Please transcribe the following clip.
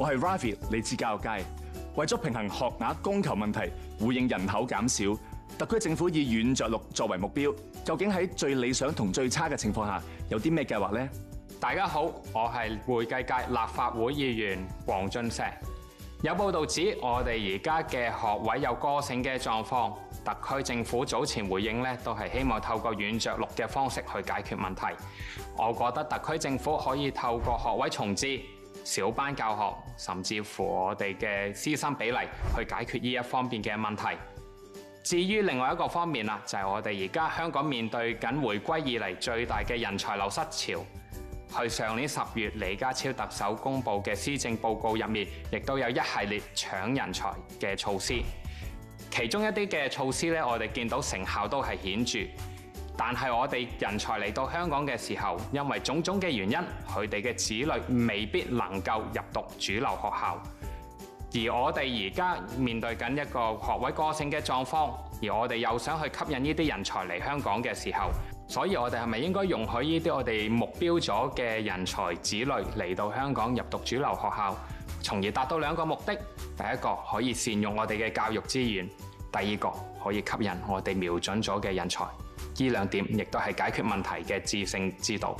我係 Ravi 嚟自教育界。為咗平衡學額供求問題，回應人口減少，特區政府以軟着陸作為目標。究竟喺最理想同最差嘅情況下，有啲咩計劃呢？大家好，我係會計界立法會議員黃俊碩。有報道指我哋而家嘅學位有過剩嘅狀況，特區政府早前回應咧，都係希望透過軟着陸嘅方式去解決問題。我覺得特區政府可以透過學位重置，小班教學，甚至乎我哋嘅師生比例，去解決呢一方面嘅問題。至於另外一個方面啦，就係我哋而家香港面對緊回歸以嚟最大嘅人才流失潮。去上年十月，李家超特首公布嘅施政報告入面，亦都有一系列搶人才嘅措施。其中一啲嘅措施咧，我哋見到成效都係顯著。但係，我哋人才嚟到香港嘅時候，因為種種嘅原因，佢哋嘅子女未必能夠入讀主流學校。而我哋而家面對緊一個學位過剩嘅狀況，而我哋又想去吸引呢啲人才嚟香港嘅時候，所以我哋係咪應該容許呢啲我哋目標咗嘅人才子女嚟到香港入讀主流學校，從而達到兩個目的？第一個可以善用我哋嘅教育資源；第二個可以吸引我哋瞄準咗嘅人才。呢兩點亦都係解決問題嘅制勝之道。